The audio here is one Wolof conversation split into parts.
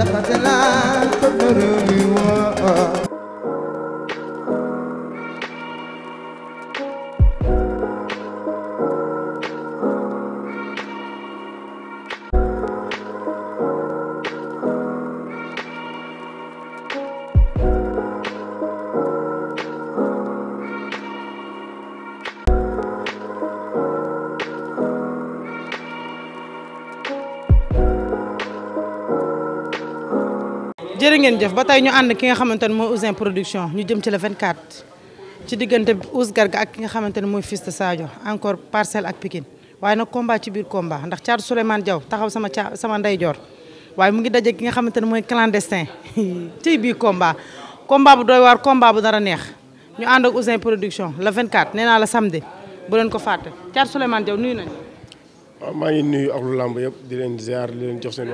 Jafatela jërë ngeen jëf ba tey ñu ànd ki nga xamante ne mooy Ouzin production ñu jëm ci la le 24 ci diggante Ouz Garga ak ki nga xamante ne mooy Fils Sadio encore parcelle ak Pikine waaye nag combat ci biir combat ndax Thiatou Souleymane Diaw taxaw sama caa sama ndeyjoor waaye mu ngi daje ki nga xamante ne mooy clandestin ci biir combat combat bu doy waar combat bu dara neex ñu ànd ak Ouzin production la le 24 nee naa la samedi bu leen ko fàtte Thiatou Souleymane Diaw nuyu nañu. waaw maa ngi nuyu yëpp di leen ziar di leen jox seen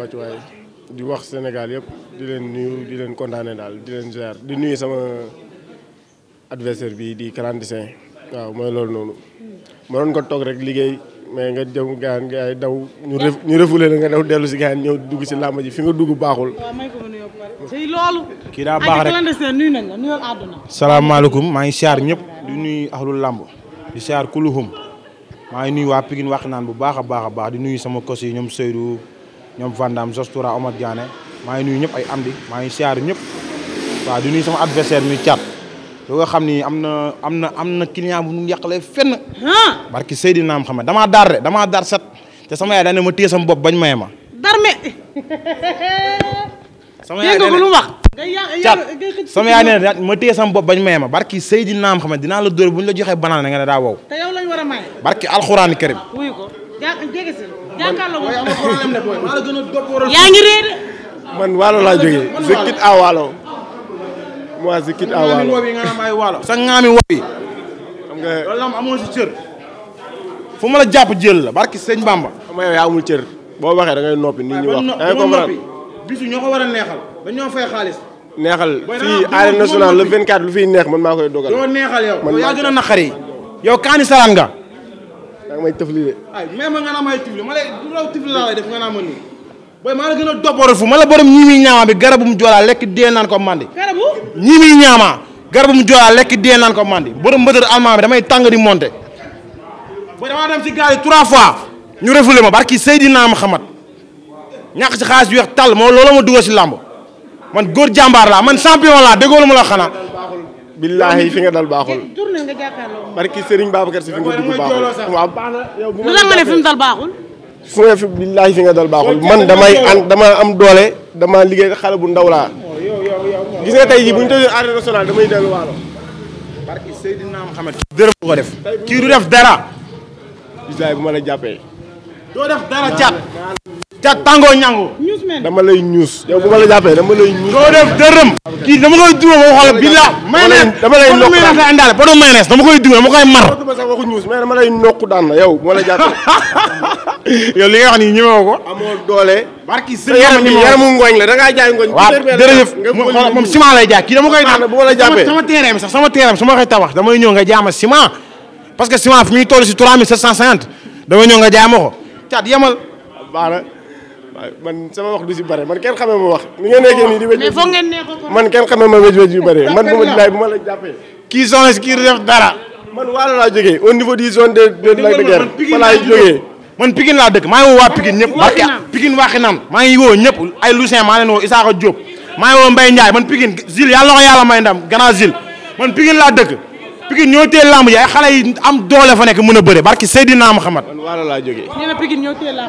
di wax Sénégal yëpp di len nuyu di len condamné dal di len ziar di nuyu sama adversaire bi di clandestin waaw moy mooy nonu noonu. mënoon ko tok rek liggéey mais nga jëm gaan gaay daw ñu ref ñu refulé nga daw dellu ci gaan ñëw dugg ci làmb ji fi nga dugg baxul sey baaxul. ki da bax rek nuyu nañ la aduna assalamu alaykum ma ngi siyaar ñëpp di nuyu ahlul làmb di siyaar kuluhum ma ngi nuyu wa pigine wax naan bu baax a baax di nuyu sama kosi ñom Seydou. ñoom Vandam Jos Toura Omar Diané nuyu ñëpp ay am di maa ngi siyaar ñëpp waaw di sama mi caat xam ni am na am na am na client bu ñu yàqalee fenn ah! barki Seydina damaa daar de damaa daar sama yaay dane ma téye sama bopp bañ maye ma dar me sama yaay dégg nga lu wax cat sama yaay nee na ma ma barki Seydina Muhammad dinaa la dóor bu la joxee banaan nga daa wow te yow lañ karim yaa ngi réer man waalo laa jógee je quitte à waalo sa ngaami wobi xam nga loolu am amoo ma la jàpp jël la barki sëñ Bamba xam nga yow yaa amul cër boo waxee da ngay noppi nit ñi wax da ngay comprendre bisu ñoo ko war a neexal dañoo fay xaalis neexal fii arène nationale le 24 lu fiy neex man maa koy dogal doo neexal gën a naqari yow kaani salaan nga nga may tëfli de. ay mais ma nga naa may tëfli ma lay du raw la gën a dopporo fu ma la borom ñii muy ñaamaa bi garabum joolaa lekk dee naan ko mandi. garabu ñii garabum joolaa lekk dee naan ko mandi borom mbëtër almaam bi damay tàng di monté. booy a dem si gaal yi trois fois ñu refoulé ma barki Seydina Muhammad ñàkk si xaalis bi weex tàll moo loolu ma dugal si làmb man góor jàmbaar laa man champion laa déggoo lu ma la xanaa billaahi fi nga dal baaxul. tourné nga jàkkaarloo. barki Serigne si fi nga dugg baaxul. waaw baax na yow bu ma. lu tax nga ne fi mu dal baaxul. fu nga fi billaahi fi nga dal baaxul man damay an dama am doole dama liggéey xale bu ndaw laa. Oh, gis nga tey jii bu ñu tëjee arène nationale damay dellu waalo. barki Seydina def. kii du def dara. billaay bu ma la jàppee. ca tango ñangu dama lay ñuus yow bu ma la jàppee dama lay news. doo def dërëm kii dama koy duma ba xool bi la mayonnaise dama lay nokku daan andale ba do mayonnaise dama koy duma dama koy mar dama sax waxu ñuus mais dama lay nokku daan yow bu ma la jàppee yow li nga wax ni ñëmewoo ko amoo doole barki sëñ yaram yaramu ngooñ la da ngaa jaay ngooñ waaw jërëjëf moom ciment lay jaay kii dama koy daan bu la jàppee sama terrain sax sama terrain bi su ma koy tabax damay ñëw nga jaama ciment parce que ciment fi muy toll si 3750 dama ñëw nga jaama ko caat yemal baax waaw man sama wax du si bare man kenn xamee ma wax. ni ngeen nekkee nii di wéj. mais foog ngeen neexoo ko man kenn xamee ma wéj wéj yu bare man bu ma laay bu ma la jàppee. kii son kii def dara. man waalo laa jógee man Pikine laa dëkk maa woo waa Pikine ñëpp. barke Pikine waxi naan woo ñëpp ay Lucien maa leen woo Isaaka Diop. maa woo Mbaye Ndiaye man Pikine Zil yàlla na ko may ndam grand Zil man Pikine laa dëkk. Pikine ñoo téye lamb ji ay xale yi am doole fa nekk mën a bëre barke Seydina Muhammad. man waalo laa jógee.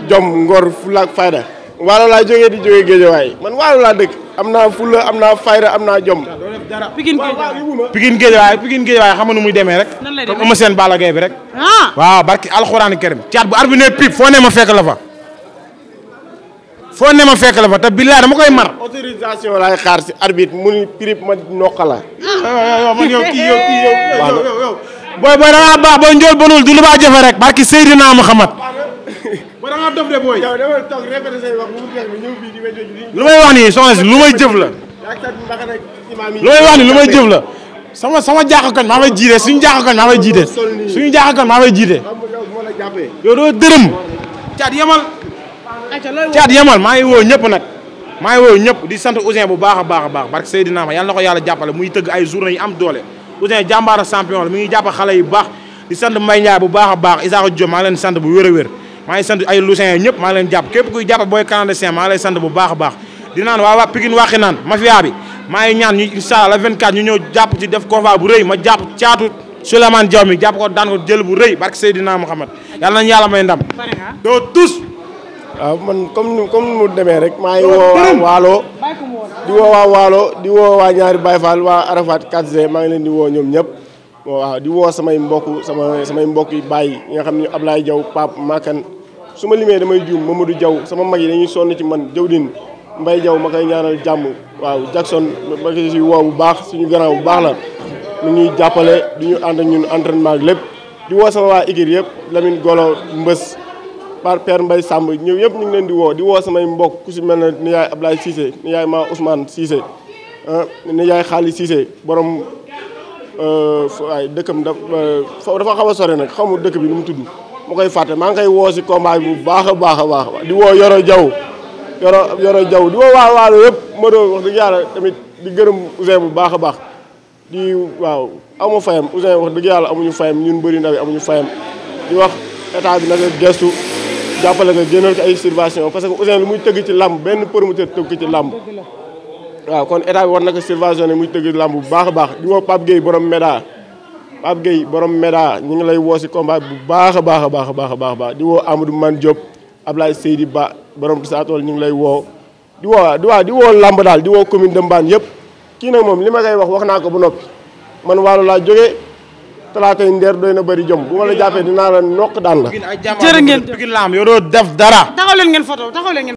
jom ngor fula ak fayda. waalo laa jógee di jógee géejawaay man waalo laa dëkk am naa fulla am naa fayda am naa jom. dara géejawaay Pikine géejawaay Pikine xam nga nu muy demee rek. nan lay demee comme seen Balla Gaye bi rek. Ah! waaw barki alxuraan karim caat bu arbi ne pip foo ne ma fekk la fa. foo ne ma fekk la fa te billaay dama koy mar. si arbitre mu ni la. Ah, ah, yow man booy booy da baax booy njool bonul du lu baa jëfe rek. barki Seydina Muhammad damaa dof de booy. yow dama toog répété say wax lu may wax nii soxna si lu may jëf la. lu may wax nii lu may jëf la. sama sama jaaxal koñ maa may jiite suñu jaaxal koñ maa may jiite suñu jaaxal koñ maa may jiite. yow doo dërëm. caat yemal. caat yemal maa ngi woo ñëpp nag. maa ngi woo ñëpp di sant Ouzin bu baax a baax a baax barke Seydina ma yàlla na ko yàlla jàppale muy tëgg ay journée yu am doole. Ouzin jàmbaara champion la mi ngi jàpp xale yu baax di sant Mbaye Ndiaye bu baax a baax Isaaxa Diop maa leen sant bu wér a wér maa ngi sant ay Louvain yooyu ñëpp maa leen jàpp képp kuy jàpp booy clandestin maa lay sant bu baax a baax di naan waa waa Pikine waxi naan mafia bi maa ngi ñaan ñu incha allah le 24 ñu jàpp ci def combat bu rëy ma jàpp caatu Souleymane Diaw mi jàpp ko daan jël bu rëy barke Seydina Mouhamed yàlla nañu yàlla may ndam. man comme comme mu demee rek maa ngi woo Waalo di di woo ñaari Baye Fall waa Arafat maa ngi leen di woo ñoom ñëpp di woo samay mbokk sama samay mbokk yi bàyyi yi nga xam ne su ma limee damay juum du jaw sama mag yi dañuy sonn ci man jëw mbay jaw Diaw ma koy ñaanal jàmm waaw Jackson ma ko si woo bu baax suñu garaaw bu baax la mu ñuy jàppale du ñu ànd ak ñun entraînement ak lépp di woo sama waa équipe yëpp Lamine Golo Mbës par Père Mbaye Samb ñëw yëpp ñu leen di woo di woo samay mbokk ku si mel ne ni yaay Ablaye Cissé ni yaay maa Ousmane Cissé ah, ni yaay Xaali Cissé borom euh, waay dëkkam euh, dafa xaw a sore nag xaw ma dëkk bi nu mu tudd moo koy fàtte maa ngi koy woo si combat bu baax a baax a baax di woo Yoro Jaw Yoro Yoro Jaw di woo waa waalo yëpp ma doon wax dëgg yàlla tamit di gërëm Ousseyn bu baax a baax di waaw amu fayam Ousseyn wax dëgg yàlla amuñu fayam ñun bëri ndaw yi amuñu fayam di wax état bi naka gestu jàppale nga génnal ko ay subvention parce que Ousseyn lu muy tëgg ci làmb benn promoteur tëgg ko ci làmb waaw kon état bi war na ko subventionné muy tëgg làmb bu baax a baax di woo Pape Gueye borom méda Pape gay borom Meda ñi ngi lay wo ci combat bu baaxa baaxa baaxa baaxa baaxa di wo Amadou Man job ablay Seydi Ba borom saa tol ñi ngi lay wo di wo di waa di wo lamb dal di wo commune de Mbane yëpp ki nak mom li wax wax ko bu nopi man walu la joge talata yi ndeer doyna bari jom bu ma la jàppee dinaa la nok dal la. jërë ngeen jërë lamb yo do def dara. taxaw len ngeen photo taxaw len